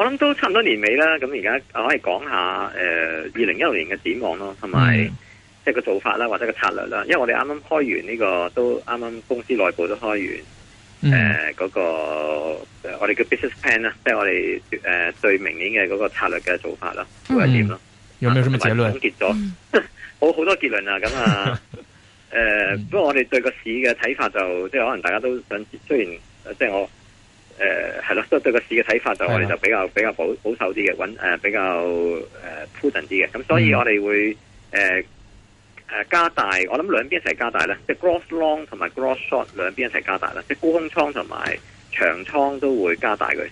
我諗都差唔多年尾啦，咁而家可以講下誒二零一六年嘅展望咯，同埋。Right. 即係個做法啦，或者個策略啦。因為我哋啱啱開完呢、這個，都啱啱公司內部都開完誒嗰。Mm. 呃那個、呃、我哋叫 business plan 啦，即係我哋誒對明年嘅嗰個策略嘅做法啦，會係點咯？有沒有什麼結論？總結咗，好好多結論啊！咁 啊、呃，誒，不過我哋對個市嘅睇法就即係可能大家都想，雖然即係我。誒、呃，係對個市嘅睇法就我哋就比較比較保保守啲嘅，穩誒、呃、比較誒 prudent 啲嘅。咁、呃、所以我哋會誒誒、呃、加大，我諗兩邊一齊加大啦即係 gross long 同埋 gross short 兩邊一齊加大啦即係沽空倉同埋長倉都會加大嘅。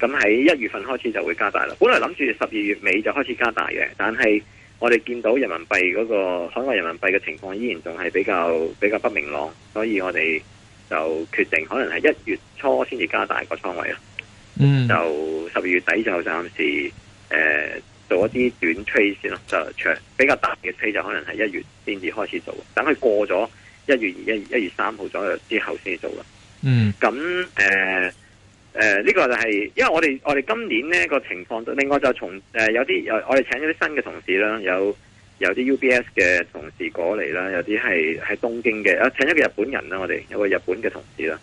咁喺一月份開始就會加大啦。本來諗住十二月尾就開始加大嘅，但係我哋見到人民幣嗰、那個海外人民幣嘅情況依然仲係比較比較不明朗，所以我哋。就決定可能係一月初先至加大個倉位啦。嗯，就十二月底就暫時誒、呃、做一啲短 trade 先咯，就長比較大嘅 trade 就可能係一月先至開始做，等佢過咗一月一月三號左右之後先至做啦。嗯，咁誒誒呢個就係、是、因為我哋我哋今年呢個情況，另外就從誒、呃、有啲我哋請咗啲新嘅同事啦，有。有啲 UBS 嘅同事過嚟啦，有啲係喺東京嘅啊，請咗個日本人啦，我哋有一個日本嘅同事啦。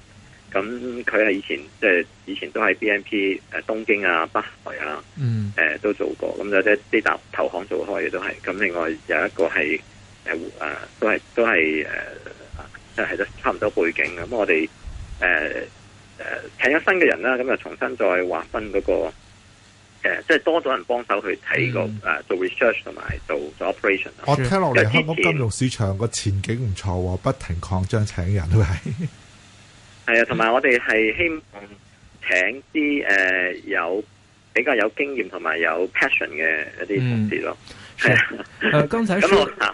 咁佢係以前即係、就是、以前都喺 BNP 誒東京啊、北海啊，誒、呃、都做過咁就即係啲大投行做開嘅都係。咁另外有一個係誒啊都係都係誒即係都差唔多背景。咁我哋誒誒請咗新嘅人啦，咁就重新再劃分嗰、那個。誒、啊，即係多咗人幫手去睇、那個誒、嗯啊，做 research 同埋做做 operation。我聽落嚟，香港金融市場個前景唔錯，不停擴張，請人都係。係、嗯嗯、啊，同埋我哋係希望請啲誒、呃、有比較有經驗同埋有 passion 嘅一啲同事咯。係、嗯、啊、誒、啊、剛、啊、才。啊咁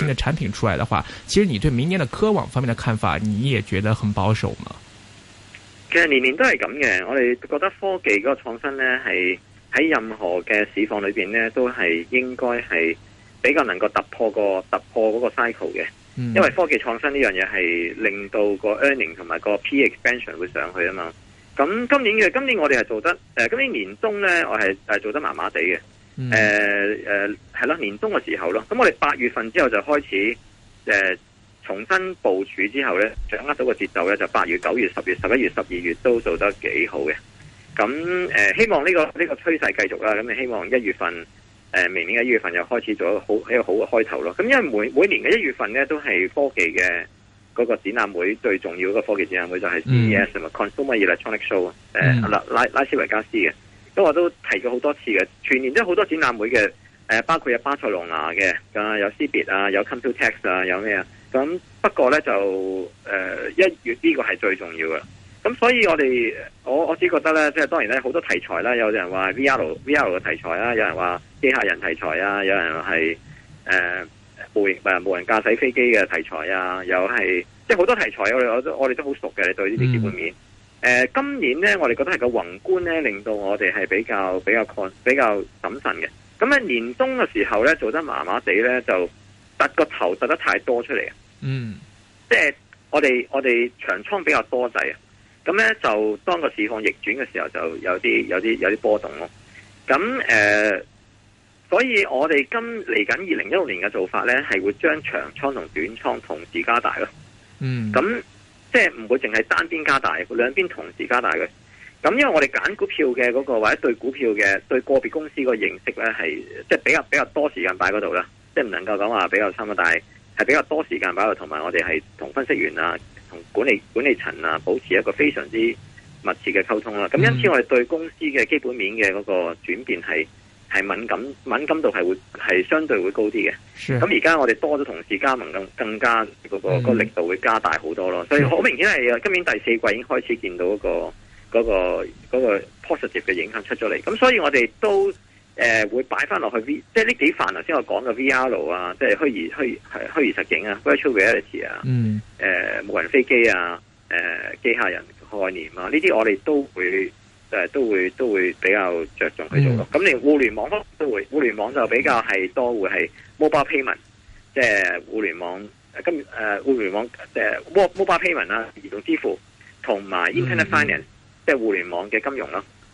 新的產品出來的話，其實你對明年的科網方面的看法，你也覺得很保守嗎？其實年年都係咁嘅，我哋覺得科技嗰個創新呢，係喺任何嘅市況裏邊呢，都係應該係比較能夠突破個突破嗰個 cycle 嘅、嗯，因為科技創新呢樣嘢係令到個 earning 同埋個 P expansion 會上去啊嘛。咁今年嘅今年我哋係做得誒、呃，今年年中呢，我係做得麻麻地嘅。誒、嗯、誒，係、呃、啦、呃、年冬嘅時候咯，咁我哋八月份之後就開始誒、呃、重新部署之後咧，掌握到個節奏咧，就八月、九月、十月、十一月、十二月都做得幾好嘅。咁、嗯、誒、呃，希望呢、這個呢、這個趨勢繼續啦。咁、呃、希望一月份，誒、呃、明年嘅一月份又開始做好一個好嘅開頭咯。咁因為每每年嘅一月份咧，都係科技嘅嗰個展覽會最重要個科技展覽會就係、是、CES，同埋、嗯、Consumer Electronic Show，誒、呃嗯、拉拉、拉斯維加斯嘅。因為我都提過好多次嘅，全年都好多展覽會嘅，誒，包括有巴塞隆拿嘅，啊，有 CeBIT 啊，有 Computex 啊，有咩啊，咁不過咧就誒一、呃、月呢個係最重要嘅，咁所以我哋我我只覺得咧，即係當然咧，好多題材啦，有人話 V R V R 嘅題材啊，有人話機械人題材啊，有人係誒，模、呃、無人駕駛飛機嘅題材啊，又係即係好多題材我，我哋我都我哋都好熟嘅，你對呢啲基本面。嗯誒、呃，今年咧，我哋覺得係個宏觀咧，令到我哋係比較比較 con 比較謹慎嘅。咁喺年冬嘅時候咧，做得麻麻地咧，就突個頭突得太多出嚟啊！嗯，即係我哋我哋長倉比較多滯啊。咁咧就當個市況逆轉嘅時候，就有啲有啲有啲波動咯。咁誒、呃，所以我哋今嚟緊二零一六年嘅做法咧，係會將長倉同短倉同時加大咯。嗯，咁。即係唔會淨係單邊加大，兩邊同時加大嘅。咁因為我哋揀股票嘅嗰個或者對股票嘅對個別公司個認識呢，係即係比較比較多時間擺嗰度啦。即係唔能夠講話比較深啊，但係係比較多時間擺度，同埋我哋係同分析員啊、同管理管理層啊保持一個非常之密切嘅溝通啦。咁、嗯、因此我哋對公司嘅基本面嘅嗰個轉變係。係敏感，敏感度係會係相對會高啲嘅。咁而家我哋多咗同事加盟，更更加嗰、那個 mm-hmm. 個力度會加大好多咯。所以好明顯係今年第四季已經開始見到嗰、那個嗰、那個嗰、那個 positive 嘅影響出咗嚟。咁所以我哋都誒、呃、會擺翻落去 V，即係呢幾範頭先我講嘅 VR 啊，即係虛擬虛虛擬實境啊，Virtual Reality 啊，嗯，誒，無人飛機啊，誒、呃，機械人概念啊，呢啲我哋都會。就係都會都會比較着重去做咯，咁連互聯網都都會，互聯網就比較係多會係 mobile payment，即係互聯網誒金誒、呃、互聯網誒、就是、mo mobile payment 啦，移動支付同埋 internet finance，即、嗯、係、就是、互聯網嘅金融咯。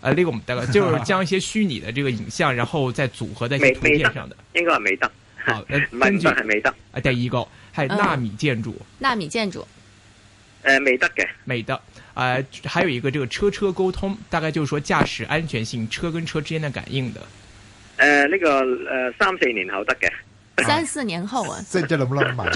呃、啊、呢、這個我們大概就是將一些虛擬的這個影像，然後再組合在啲圖片上的。沒沒應該係未得。好，建築係未得。啊帶 一 g o 還有納米建築。納米建築。誒，未得嘅，未得。誒，還有一個這個車車溝通，大概就是說駕駛安全性，車跟車之間的感應的。誒、呃，呢、這個誒、呃，三四年後得嘅。三四年後啊，這、啊、個這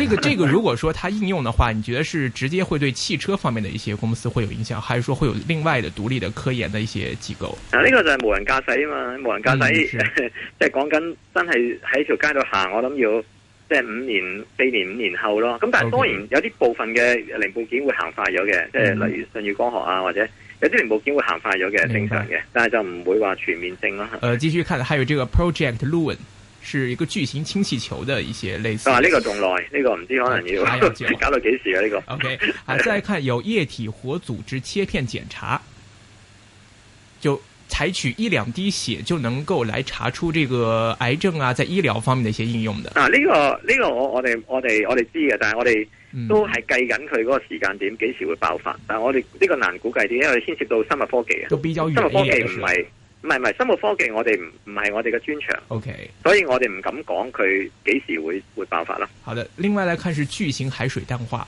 個，這個、如果說它應用的話，你覺得是直接會對汽車方面的一些公司會有影響，還是說會有另外的獨立的科研的一些機構？啊，呢、這個就係無人駕駛啊嘛，無人駕駛，即係講緊真係喺條街度行，我諗要即係五年、四年、五年後咯。咁但係當然有啲部分嘅零部件會行快咗嘅，即、嗯、係例如舜宇光學啊，或者有啲零部件會行快咗嘅，正常嘅，但係就唔會話全面性咯。呃，繼續看，還有這個 Project Loon。是一個巨型氫氣球的一些類似的。嗱、啊，呢、這個仲耐，呢、這個唔知可能要、啊、搞到幾時啊？呢、啊這個。OK， 啊，再看有液體活組織切片檢查，就採取一兩滴血就能夠來查出這個癌症啊，在醫療方面的一些應用的。啊呢、這個呢、這個我我哋我哋我哋知嘅，但係我哋都係計緊佢嗰個時間點幾時會爆發。但係我哋呢、這個難估計點，因為我牽涉到生物科技啊，都比較專業嘅。唔係唔係，生物科技我哋唔唔係我哋嘅專長。O、okay. K，所以我哋唔敢講佢幾時會會爆發啦。好的，另外來看是巨型海水淡化。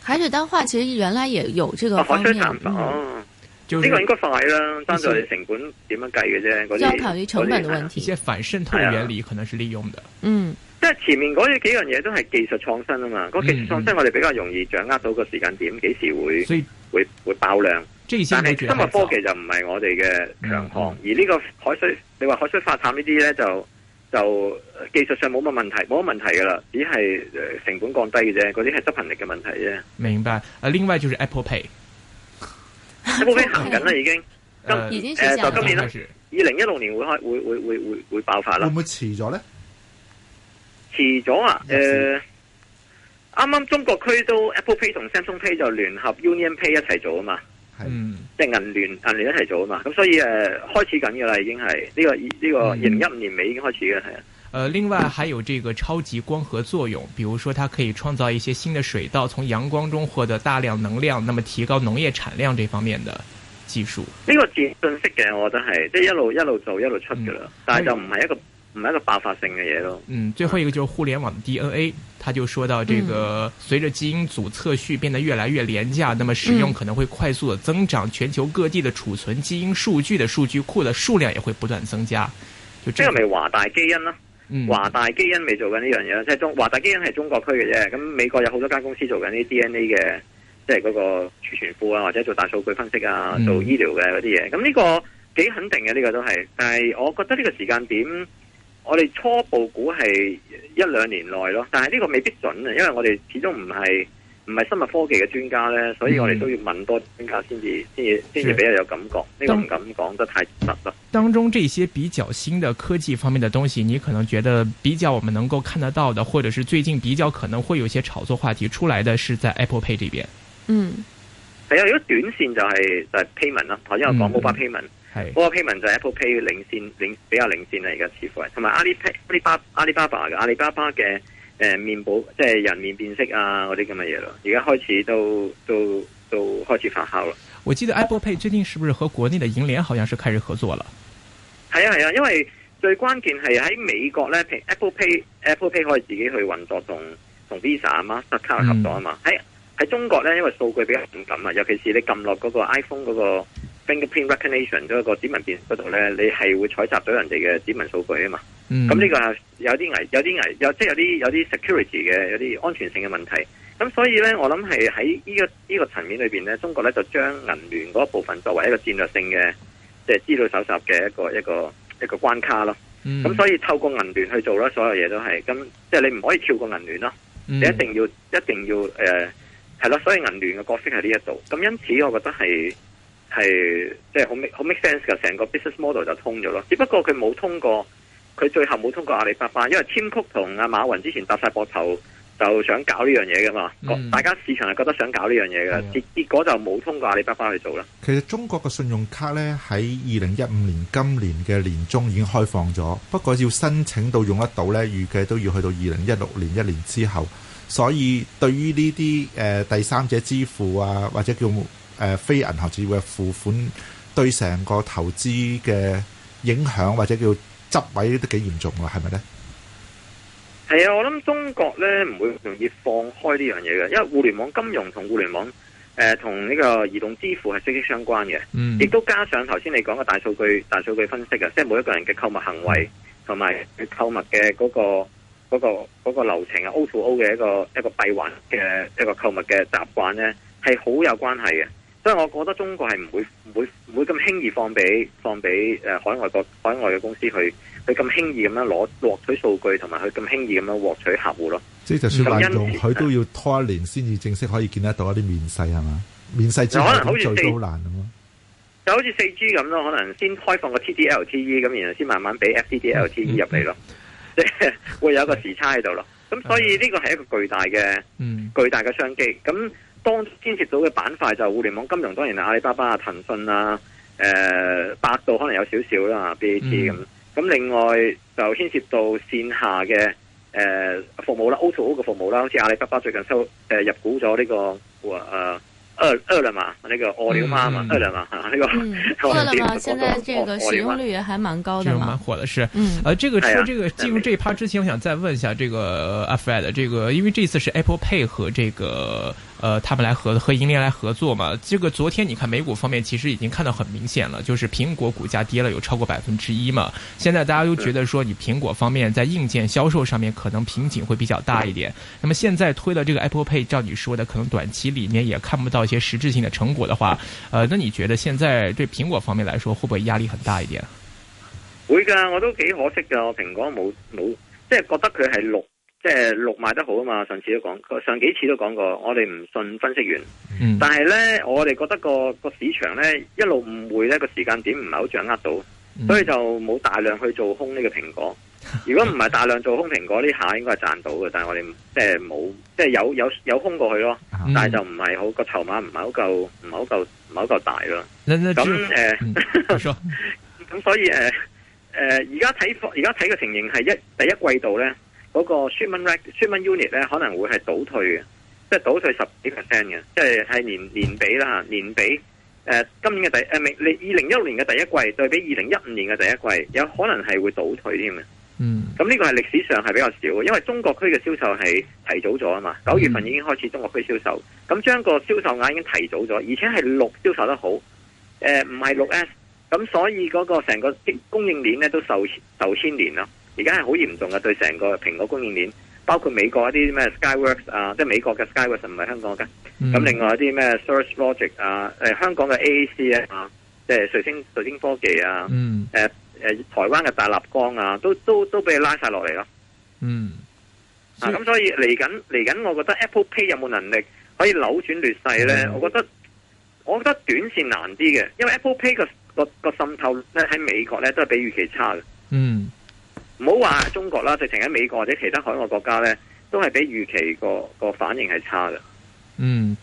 海水淡化其實原來也有這個方面。啊、海水嗯，呢、就是這個應該快啦，單在成本點樣計嘅啫。啲，要求於成本的問題，一些、啊、反滲透原理可能是利用的。嗯，即、就、係、是、前面嗰幾樣嘢都係技術創新啊嘛。嗯那個、技術創新我哋比較容易掌握到個時間點，幾、嗯、時會會會爆量。這但係生物科技就唔係我哋嘅強項，而呢個海水，你話海水發淡呢啲咧就就技術上冇乜問題，冇乜問題噶啦，只係誒成本降低嘅啫，嗰啲係執行力嘅問題啫。明白。啊，另外就係 Apple Pay，Apple Pay 行緊啦已經，今、uh, 呃、今年啦，二零一六年會開會會會會會爆發啦，會唔會遲咗咧？遲咗啊？誒、呃，啱 啱中國區都 Apple Pay 同 Samsung Pay 就聯合 Union Pay 一齊做啊嘛。是嗯，即係銀聯銀聯一齊做啊嘛，咁所以誒、呃、開始緊噶啦，已經係呢、這個呢、這個二零一五年尾已經開始嘅係啊。誒、嗯呃，另外還有這個超級光合作用，比如說它可以創造一些新的水稻，從陽光中獲得大量能量，那麼提高農業產量這方面的技術。呢、這個自信息嘅，我覺得係即係一路一路做一路出噶啦、嗯，但係就唔係一個。嗯唔係一個爆發性嘅嘢咯。嗯，最後一個就係互聯網 DNA、嗯、佢就說到，這個隨着基因組測序變得越來越廉價，嗯、那麼使用可能會快速嘅增長，全球各地的儲存基因數據的數據庫的數量也會不斷增加。即係咪華大基因咯，啊嗯。華大基因未做緊呢樣嘢，即、就、係、是、中華大基因係中國區嘅啫。咁美國有好多間公司做緊啲 DNA 嘅，即係嗰個儲存庫啊，或者做大數據分析啊，嗯、做醫療嘅嗰啲嘢。咁呢、這個幾肯定嘅，呢、這個都係。但係我覺得呢個時間點。我哋初步估係一兩年內咯，但係呢個未必準啊，因為我哋始終唔係唔係生物科技嘅專家咧，所以我哋都要問多專家先至先至先至比較有感覺，呢、呢個唔敢講得太實咯。當中這些比較新嘅科技方面嘅東西，你可能覺得比較我們能夠看得到的，或者是最近比較可能會有些炒作話題出來的，是在 Apple Pay 這邊。嗯，係、嗯、啊，如果短線就係、是、就係、是、payment 啦、嗯，頭先我講好翻 payment。嗰個批文就係 Apple Pay 領先領比較領先啦，而家似乎係同埋阿里 Pay、阿里巴巴、阿里巴巴嘅誒、呃、面部，即係人面辨識啊嗰啲咁嘅嘢咯，而家開始都都都開始發酵啦。我記得 Apple Pay 最近是不是和國內嘅銀聯好像是開始合作了？係啊係啊，因為最關鍵係喺美國咧，譬如 Apple Pay Apple Pay 可以自己去運作同同 Visa、Master 卡、啊、合作啊嘛。喺、嗯、喺中國咧，因為數據比較敏感啊，尤其是你撳落嗰個 iPhone 嗰、那個。fingerprint recognition 都一個指紋辨識嗰度咧，你係會採集到人哋嘅指紋數據啊嘛。咁呢個有啲危，有啲危，有即係、就是、有啲有啲 security 嘅，有啲安全性嘅問題。咁所以咧，我諗係喺呢個呢、這個層面裏邊咧，中國咧就將銀聯嗰部分作為一個戰略性嘅，即、就、係、是、資料搜集嘅一個一個一個關卡咯。咁、嗯、所以透過銀聯去做咧，所有嘢都係咁，即係你唔可以跳過銀聯咯。你一定要一定要誒係咯，所以銀聯嘅角色喺呢一度。咁因此，我覺得係。係即係好 make 好 make sense 噶成個 business model 就通咗咯。只不過佢冇通過，佢最後冇通過阿里巴巴，因為 Tim Cook 同阿馬雲之前搭晒膊頭就想搞呢樣嘢噶嘛、嗯。大家市場係覺得想搞呢樣嘢噶結結果就冇通過阿里巴巴去做啦。其實中國嘅信用卡呢，喺二零一五年今年嘅年中已經開放咗，不過要申請到用得到呢，預計都要去到二零一六年一年之後。所以對於呢啲誒第三者支付啊，或者叫，誒非銀行業嘅付款對成個投資嘅影響，或者叫執位都幾嚴重喎，係咪咧？係啊，我諗中國咧唔會容易放開呢樣嘢嘅，因為互聯網金融同互聯網誒同呢個移動支付係息息相關嘅，亦、嗯、都加上頭先你講嘅大數據、大數據分析嘅，即、就、係、是、每一個人嘅購物行為同埋、嗯、購物嘅嗰、那個嗰、那個那個、流程啊，O to O 嘅一個一個閉環嘅一個購物嘅習慣咧，係好有關係嘅。所以，我覺得中國係唔會唔會唔會咁輕易放俾放俾誒、呃、海外國海外嘅公司去去咁輕易咁樣攞獲取數據，同埋去咁輕易咁樣獲取客戶咯。即係就算佢唔用，佢、嗯、都要拖一年先至正式可以見得到一啲面世係嘛？面世之後、嗯、可能好似四好難咁、啊、咯，就好似四 G 咁咯，可能先開放個 T D L T E 咁，然後先慢慢俾 F T D L T E 入嚟咯。嗯、 會有一個時差喺度咯。咁所以呢個係一個巨大嘅、嗯、巨大嘅商機咁。當牽涉到嘅板塊就互聯網金融，當然係阿里巴巴啊、騰訊啊、誒、呃、百度可能有少少啦，BAT 咁。咁另外就牽涉到線下嘅誒服務啦 O2O 嘅服務啦，好似阿里巴巴最近收誒、呃、入股咗呢、這個股啊，誒餓餓了嘛，那、啊啊啊這個餓了嘛，餓了嘛，那個餓了嘛，現在這個使用率也還蠻高的蠻火的是。嗯，啊，這個入這個進入這一 part 之前，我想再問一下這個阿、啊、Fred 這個因為這次是 Apple Pay 和這個呃，他們來合和銀聯來合作嘛？這個昨天你看美股方面，其實已經看得很明顯了，就是蘋果股價跌了有超過百分之一嘛。現在大家都覺得說，你蘋果方面在硬件銷售上面可能瓶頸會比較大一點。那麼現在推的這個 Apple Pay，照你說的，可能短期裏面也看不到一些實質性的成果的話，呃，那你覺得現在對蘋果方面來說，會不會壓力很大一點？會㗎，我都幾可惜㗎，我蘋果冇冇，即係覺得佢係六即係六賣得好啊嘛，上次都講，上幾次都講過，我哋唔信分析員，嗯、但係呢，我哋覺得個個市場呢一路誤會，呢個時間點唔係好掌握到，嗯、所以就冇大量去做空呢個蘋果。如果唔係大量做空蘋果，呢下應該係賺到嘅。但係我哋即係冇，即係有即是有有，有空過去咯，嗯、但係就唔係好個籌碼唔係好夠，唔係好夠，唔係好夠大咯。咁誒，咁、呃嗯、 所以誒誒，而家睇而家睇嘅情形係一第一季度呢。嗰、嗰個 shipment rate、shipment unit 咧可能會係倒退嘅，即係倒退十幾 percent 嘅，即係係年年比啦，年比誒、呃、今年嘅第誒二零一六年嘅第一季對比二零一五年嘅第一季，有可能係會倒退啲嘅。嗯，咁呢個係歷史上係比較少嘅，因為中國區嘅銷售係提早咗啊嘛，九月份已經開始中國區銷售，咁、嗯、將個銷售額已經提早咗，而且係六銷售得好，誒唔係六 S，咁所以嗰個成個供應鏈咧都受受牽連咯。而家係好嚴重嘅，對成個蘋果供應鏈，包括美國一啲咩 Skyworks 啊，即係美國嘅 Skyworks 唔係香港嘅，咁、嗯、另外一啲咩 Cirrus Logic 啊，誒、呃、香港嘅 AAC 啊，即係瑞聲瑞聲科技啊，誒、嗯、誒、啊呃、台灣嘅大立光啊，都都都俾佢拉晒落嚟咯。嗯咁、啊、所以嚟緊嚟緊，我覺得 Apple Pay 有冇能力可以扭轉劣勢咧、嗯？我覺得我覺得短線難啲嘅，因為 Apple Pay 個個個滲透咧喺美國咧都係比預期差嘅。嗯。唔好話中國啦，直情喺美國或者其他海外國家咧，都係比預期個個反應係差嘅。嗯，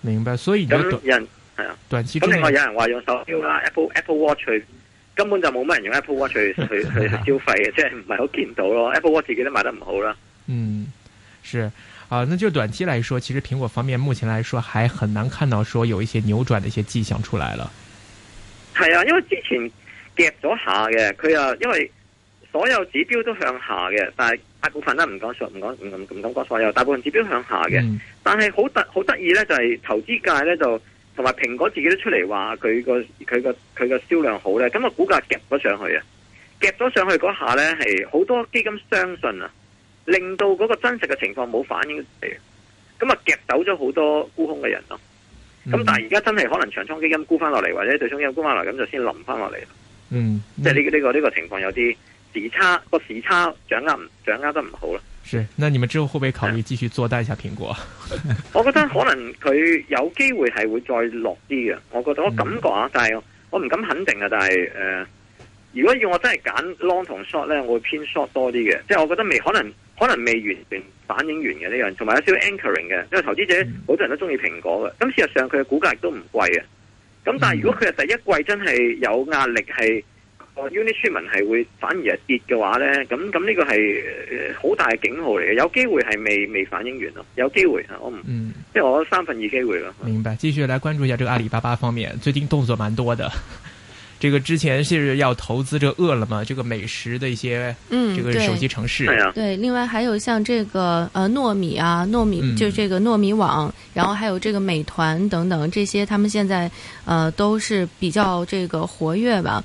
明白。所以短有人係啊，咁另外有人話用手錶啦，Apple Apple Watch 根本就冇乜人用 Apple Watch 去 是、啊、去消費嘅，即係唔係好見到咯。Apple Watch 自己都賣得唔好啦。嗯，是啊，那就短期來說，其實蘋果方面目前來說，還很難看到說有一些扭轉的一些跡象出來了。係啊，因為之前夾咗下嘅，佢啊，因為。所有指標都向下嘅，但係大部分咧唔講錯，唔講唔唔唔講講所有，大部分指標向下嘅、嗯。但係好得好得意咧，就係投資界咧就同埋蘋果自己都出嚟話佢個佢個佢個銷量好咧，咁啊股價夾咗上去啊，夾咗上去嗰下咧係好多基金相信啊，令到嗰個真實嘅情況冇反應嚟，咁啊夾走咗好多沽空嘅人咯。咁、嗯、但係而家真係可能長倉基金沽翻落嚟，或者對沖基金沽翻落嚟，咁就先冧翻落嚟。嗯，即係呢呢個呢、呢個情況有啲。時差個時差掌握唔掌握得唔好咯？是，那你們之後會不會考慮繼續做多一下蘋果？ 我覺得可能佢有機會係會再落啲嘅。我覺得我感覺啊，嗯、但係我唔敢肯定啊。但係誒、呃，如果要我真係揀 long 同 short 咧，我會偏 short 多啲嘅。即、就、係、是、我覺得未可能，可能未完全反映完嘅呢樣，同埋有少少 anchoring 嘅，因為投資者好多人都中意蘋果嘅。咁、嗯、事實上佢嘅股價亦都唔貴嘅。咁但係如果佢係第一季真係有壓力係。Unique 民係會反而係跌嘅話呢，咁咁呢個係好大嘅警號嚟嘅，有機會係未未反應完咯，有機會，我唔即係我三分二機會咯。明白，繼續來關注一下這個阿里巴巴方面，最近動作蠻多的。這個之前是要投資這餓了麼，這個美食的一些，嗯，這個手機城市，對，對，另外還有像這個，呃，糯米啊，糯米就是，這個糯米網、嗯，然後還有這個美團等等，這些他們現在，呃，都是比較這個活躍吧。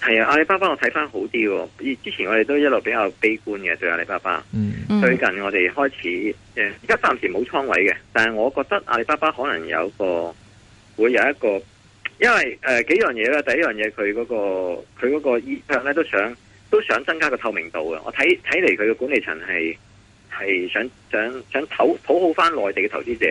係啊，阿里巴巴我睇翻好啲喎。之前我哋都一路比較悲觀嘅對阿里巴巴。嗯，最近我哋開始，誒而家暫時冇倉位嘅，但係我覺得阿里巴巴可能有個會有一個，因為誒、呃、幾樣嘢咧。第一樣嘢佢嗰個佢嗰個 image 呢，e 咧都想都想增加個透明度啊。我睇睇嚟佢嘅管理層係。係想想想討討好翻內地嘅投資者，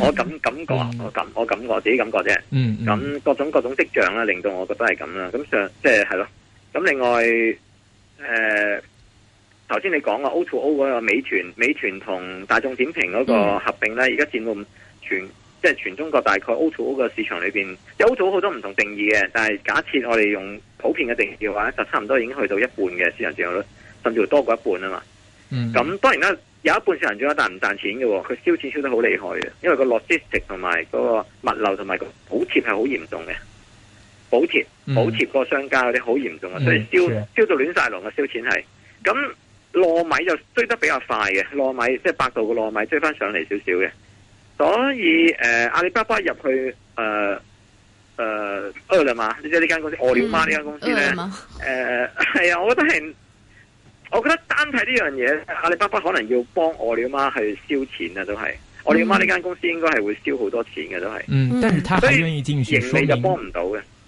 我感覺 我感覺，我咁我感覺，自己感覺啫。嗯咁 各種各種跡象啦，令到我覺得係咁啦。咁上即係係咯。咁另外，誒、呃，頭先你講個 O to O 嗰個美團、美團同大眾點評嗰個合併呢，而家佔到全即係、就是、全中國大概 O to O 嘅市場裏邊，有 O to O 好多唔同定義嘅。但係假設我哋用普遍嘅定義嘅話就差唔多已經去到一半嘅市場佔有率，甚至多過一半啊嘛。咁、嗯、當然啦，有一半少人做啦，但唔賺錢嘅，佢燒錢燒得好厲害嘅，因為個 logistic 同埋嗰個物流同埋個補貼係好嚴重嘅，補貼補貼嗰個商家嗰啲好嚴重啊，所以燒、嗯、燒到亂晒龍嘅燒錢係。咁糯米就追得比較快嘅，糯米即係、就是、百度嘅糯米追翻上嚟少少嘅，所以誒、呃、阿里巴巴入去誒誒餓了麼，即係呢間公司餓了麼呢間公司咧誒，係啊，我覺得係。我覺得單睇呢樣嘢，阿里巴巴可能要幫餓了麼去燒錢啊！都係餓了麼呢間公司應該係會燒好多錢嘅，都係、嗯。嗯，但係他係盈利就幫唔到嘅。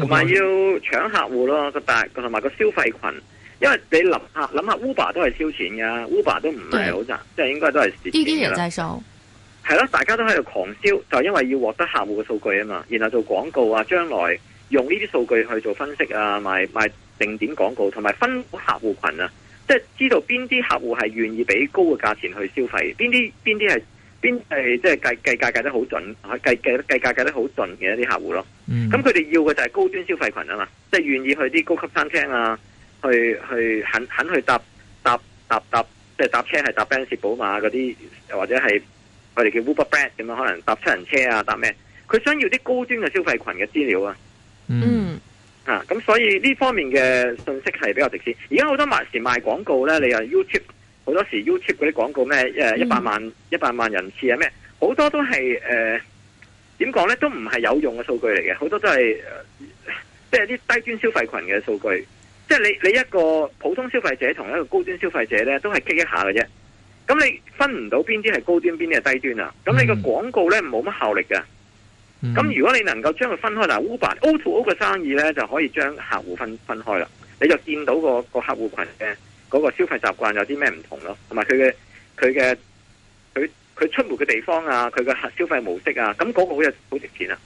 同埋要搶客戶咯，個大同埋個消費群，因為你諗下諗下 Uber 都係燒錢嘅，Uber 都唔係好賺，即係應該都係蝕嘅啦。滴咯，大家都喺度狂燒，就係因為要獲得客戶嘅數據啊嘛，然後做廣告啊，將來用呢啲數據去做分析啊，賣賣定點廣告，同埋分客戶群啊，即係知道邊啲客戶係願意俾高嘅價錢去消費，邊啲邊啲係。邊係即係計計價計得好準，計計計價計得好準嘅一啲客戶咯。咁佢哋要嘅就係高端消費群啊嘛，即係願意去啲高級餐廳啊，去去肯肯去搭搭搭搭，即係搭，搭，搭，搭，搭車係搭奔馳、寶馬嗰啲，或者係我哋叫 Uber、Brand 咁啊，可能搭七人車啊，搭咩？佢想要啲高端嘅消費群嘅資料啊。嗯、mm. 啊，吓咁，所以呢方面嘅信息係比較值錢。而家好多時賣時賣廣告咧，你又 YouTube。好多時 YouTube 嗰啲廣告咩？誒，一百萬一百萬人次係咩？好多都係誒，點講咧？都唔係有用嘅數據嚟嘅，好多都係即係啲低端消費群嘅數據。即係你你一個普通消費者同一個高端消費者咧，都係激一下嘅啫。咁你分唔到邊啲係高端，邊啲係低端啊？咁你個廣告咧冇乜效力嘅。咁如果你能夠將佢分開嗱，Uber O to O 嘅生意咧就可以將客戶分分開啦。你就見到個個客戶群嘅。嗰個消費習慣有啲咩唔同咯，同埋佢嘅佢嘅佢佢出門嘅地方啊，佢嘅消費模式啊，咁嗰個好有好值錢啊。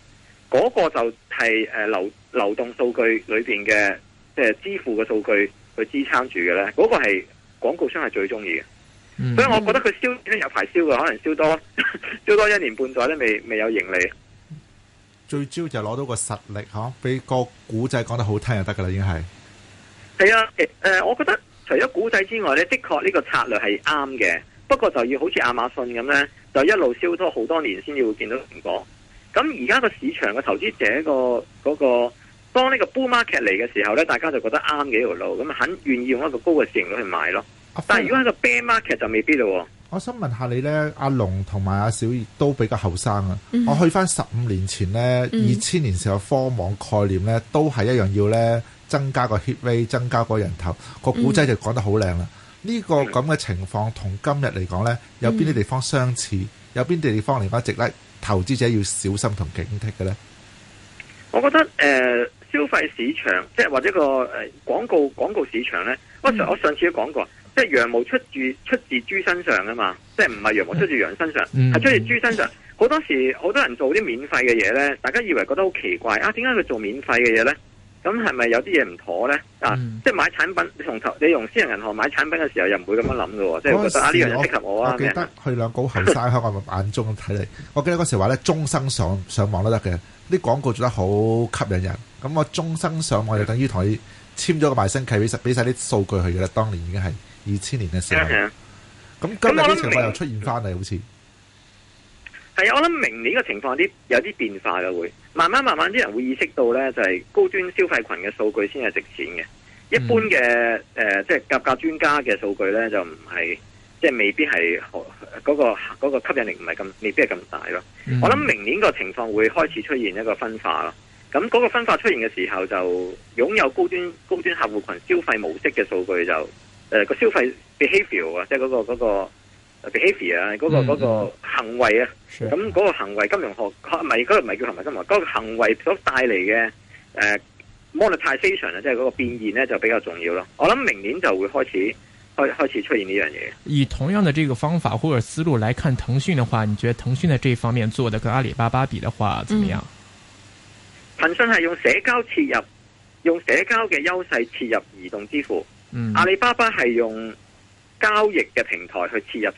嗰個就係誒流流動數據裏邊嘅即係支付嘅數據去支撐住嘅咧。嗰個係廣告商係最中意嘅，所以我覺得佢燒有排燒嘅，可能燒多燒多一年半載都未未有盈利。最焦就攞到個實力，吓俾個古仔講得好聽就得噶啦。已經係係啊，誒，我覺得。除咗股仔之外呢，的確呢個策略係啱嘅，不過就要好似亞馬遜咁呢，就一路燒拖好多年先至會見到成果。咁而家個市場嘅投資者、個、嗰、個，當呢個 bull market 嚟嘅時候呢，大家就覺得啱嘅條路，咁啊肯願意用一個高嘅市盈率去買咯。但係如果喺個 bear market 就未必咯。我想問下你呢，阿龍同埋阿小都比較後生啊。我去翻十五年前呢，二千年時候科網概念呢，嗯、都係一樣要呢。增加個 hit rate，增加個人頭，個古仔就講得好靚啦。呢、嗯呢個咁嘅情況同今日嚟講呢，嗯、有邊啲地方相似？有邊啲地方嚟講，值得投資者要小心同警惕嘅呢？我覺得誒、呃，消費市場即係或者個誒廣告廣告市場呢。我上次都講過，嗯、即係羊毛出自出自豬身上嘅嘛，即係唔係羊毛出自羊身上，係、嗯、出自豬身上。好、嗯、多時好多人做啲免費嘅嘢呢，大家以為覺得好奇怪啊？點解佢做免費嘅嘢呢？咁係咪有啲嘢唔妥咧？啊、嗯，即係買產品，你從頭你用私人銀行買產品嘅時候又，又唔會咁樣諗嘅喎，即係覺得呢樣嘢適合我啊我記得去兩個後生喺我眼中睇嚟。我記得嗰 時話咧，終生上上網都得嘅，啲廣告做得好吸引人。咁我終生上網就等於同佢簽咗個賣身契，俾晒俾晒啲數據佢嘅啦。當年已經係二千年嘅時候，咁 今日啲情況又出現翻嚟，好似。係啊，我諗明年個情況有啲有啲變化嘅會，慢慢慢慢啲人會意識到咧，就係、是，高端消費群嘅數據先係值錢嘅。一般嘅誒，即係夾價專家嘅數據咧，就唔係即係未必係嗰、那個、那個吸引力唔係咁，未必係咁大咯。嗯、我諗明年個情況會開始出現一個分化咯。咁嗰個分化出現嘅時候就，就擁有高端高端客戶群消費模式嘅數據就誒、呃那個消費 behavior 啊，即係嗰個嗰個。那個 behavior 啊，嗰、那個、嗯那個行為啊，咁、啊、個行為金融學，唔係唔係叫行為金融學，嗰、那個行為所帶嚟嘅誒 monetization 啊，即係嗰個變現咧就比較重要咯。我諗明年就會開始開開始出現呢樣嘢。以同樣的這個方法或者思路來看騰訊的話，你覺得騰訊的這方面做的跟阿里巴巴比的話，怎麼樣？騰訊係用社交切入，用社交嘅優勢切入移動支付。嗯、阿里巴巴係用交易嘅平台去切入。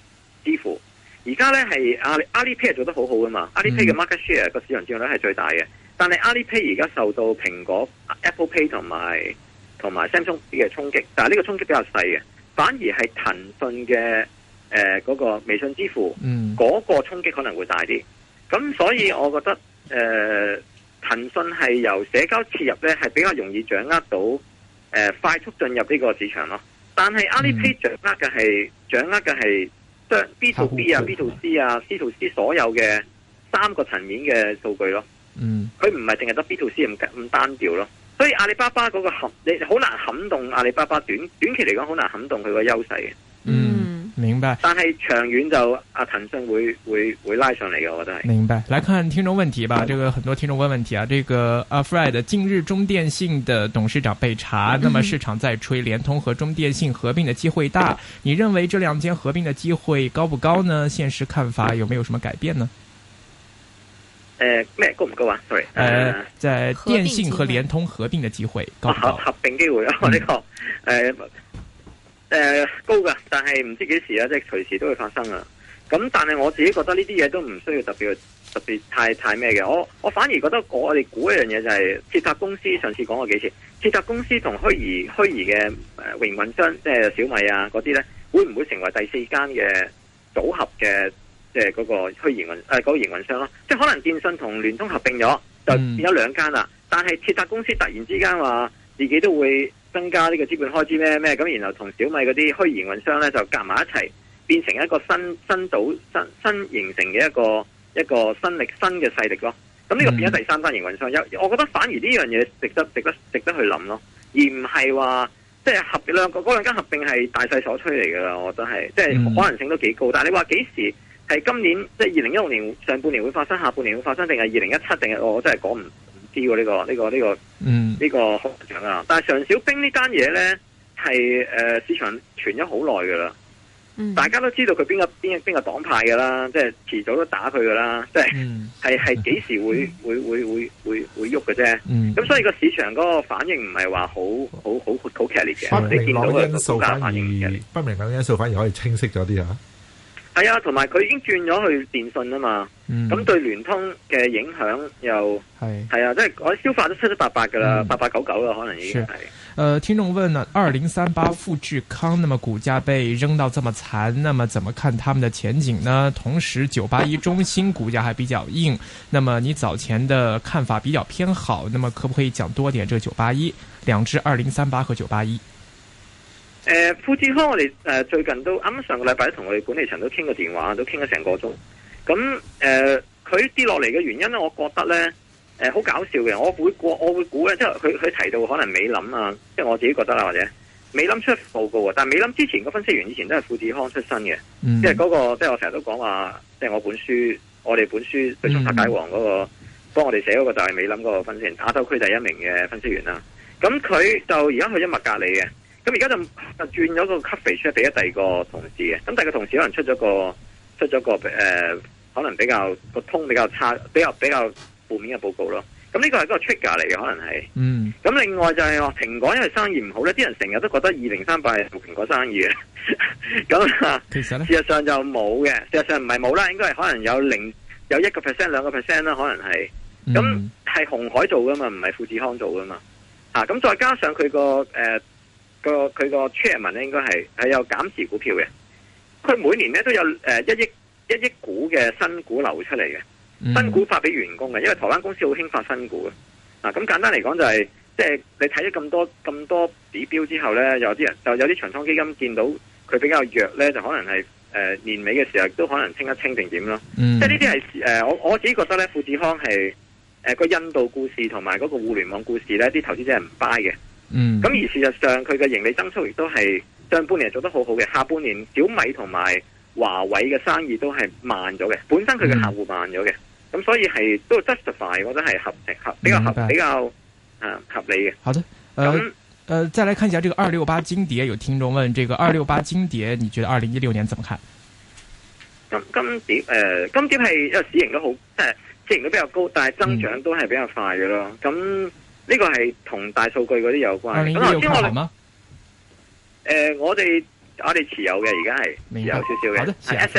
支付而家咧係阿里，阿里 pay 做得好好噶嘛？阿里 pay 嘅 market share 個市場占有率係最大嘅。但係阿里 pay 而家受到蘋果 Apple Pay 同埋同埋 Samsung Pay 嘅衝擊，但係呢個衝擊比較細嘅。反而係騰訊嘅誒嗰個微信支付，嗯，嗰、嗰個衝擊可能會大啲。咁所以我覺得誒騰訊係由社交切入咧，係比較容易掌握到誒、呃、快速進入呢個市場咯。但係阿里 pay 掌握嘅係、嗯、掌握嘅係。即係 B to B 啊，B to C 啊，C to C 所有嘅三個層面嘅數據咯。嗯，佢唔係淨係得 B to C 咁咁單調咯。所以阿里巴巴嗰個撼，你好難撼動阿里巴巴短短期嚟講，好難撼動佢個優勢嘅。嗯。明白，但係長遠就阿騰訊會會會拉上嚟嘅，我都係明白。來看，看聽眾問題吧，這個很多聽眾問問題啊，這個阿、啊、Fred，近日中電信的董事長被查，那麼市場在吹聯通和中電信合併的機會大，嗯、你認為這兩間合併的機會高不高呢？現實看法有沒有什麼改變呢？呃咩高唔高啊？對，高高 Sorry, 呃在電信和聯通合併的機會高唔高？合併機會啊呢、哦嗯這個誒。呃誒、呃，高噶，但係唔知幾時啊，即係隨時都會發生啊。咁但係我自己覺得呢啲嘢都唔需要特別特別太太咩嘅。我我反而覺得我哋估一樣嘢就係、是、鐵塔公司上次講過幾次，鐵塔公司同虛擬虛擬嘅誒營運商，即係小米啊嗰啲咧，會唔會成為第四間嘅組合嘅，即係嗰個虛擬運誒嗰個營運商咯？即係可能電信同聯通合併咗，就變咗兩間啦。但係鐵塔公司突然之間話自己都會，增加呢個資本開支咩咩咁，然後同小米嗰啲虛擬運營商咧就夾埋一齊，變成一個新新組新新形成嘅一個一個新力新嘅勢力咯。咁、這、呢個變咗第三間營運商，我覺得反而呢樣嘢值得值得值得去諗咯，而唔係話即係合兩個嗰兩家合併係大勢所趨嚟噶，我真係即係可能性都幾高。但係你話幾時係今年即係二零一六年上半年會發生，下半年會發生，定係二零一七，定係我真係講唔。呢喎呢個呢、這個呢、這個呢、這個學長啊！但係常小兵這件事呢間嘢咧係市場傳咗好耐嘅啦，嗯，大家都知道佢邊個邊黨派嘅啦，即係遲早都打佢嘅啦，即係係係幾時會喐嘅啫。咁、嗯嗯、所以個市場嗰個反應唔係話好好好好劇烈嘅，不明朗因素反而不明朗因素反而可以清晰咗啲啊！係啊，同埋佢已經轉咗去電信啊嘛，咁、嗯、對聯通嘅影響又係係啊，即係我消化都七七八八噶啦、嗯，八八九九啦，可能已經係。呃，聽眾問呢，二零三八富智康，那麼股價被扔到這麼慘，那麼怎麼看他們的前景呢？同時九八一中心股價還比較硬，那麼你早前的看法比較偏好，那麼可不可以講多點？這個九八一兩支二零三八和九八一？誒、呃，富志康我哋誒、呃、最近都啱啱上個禮拜同佢哋管理層都傾過電話，都傾咗成個鐘。咁、嗯、誒，佢跌落嚟嘅原因咧，我覺得咧，誒、呃、好搞笑嘅。我會估，我會估咧，即係佢佢提到可能美林啊，即係我自己覺得啦，或者美林出報告啊。但係美林之前個分析員以前都係富志康出身嘅，嗯，即係嗰、那個即係我成日都講話，即係我，我本書，我哋本書《對沖殺解王》嗰、那個、嗯、幫我哋寫嗰個就係美林嗰個分析員，亞洲區第一名嘅分析員啦、啊。咁、嗯、佢就而家去麥格理嘅。咁而家就就轉咗個 copy 出嚟俾咗第二個同事嘅，咁第二個同事可能出咗個出咗個、呃、可能比較個通比較差，比較比較負面嘅報告咯。咁呢個係個 trigger 嚟嘅，可能係。嗯。咁另外就係、是哦、蘋果因為生意唔好咧，啲人成日都覺得二零三八係蘋果生意嘅。咁， 其實咧，事實上就冇嘅，事實上唔係冇啦，應該係可能有零有一個 percent 兩個 percent 啦，可能係。咁係鴻海做噶嘛，唔係富士康做噶嘛。咁、啊、再加上佢個個佢個 Chairman 咧，應該係係有減持股票嘅。佢每年咧都有誒、呃、一億一億股嘅新股流出嚟嘅，新股發俾員工嘅。因為台灣公司好興發新股嘅。啊，咁簡單嚟講就係、是，即係你睇咗咁多咁多指標之後咧，有啲人就有啲長倉基金見到佢比較弱咧，就可能係誒、呃、年尾嘅時候都可能清一清定點咯。嗯、即係呢啲係誒我我自己覺得咧，富士康係誒、呃、個印度故事同埋嗰個互聯網故事咧，啲投資者係唔 buy 嘅。嗯，咁而事實上，佢嘅盈利增速亦都係上半年做得好好嘅，下半年小米同埋華為嘅生意都係慢咗嘅，本身佢嘅客戶慢咗嘅，咁、嗯嗯、所以係都 justify，我覺得係合合比較合、嗯、比較啊合理嘅。好的，咁、呃、誒、嗯呃，再來看一下這個二六八金蝶。有聽眾問：這個二六八金蝶你覺得二零一六年怎麼看？金、嗯、金蝶誒、呃，金蝶係個市盈都好，即係市盈都比較高，但係增長都係比較快嘅咯，咁、嗯。嗯呢、這個係同大數據啲有關，咁頭先我咧，誒、嗯呃、我哋我哋持有嘅而家係持有少少嘅。係 s m。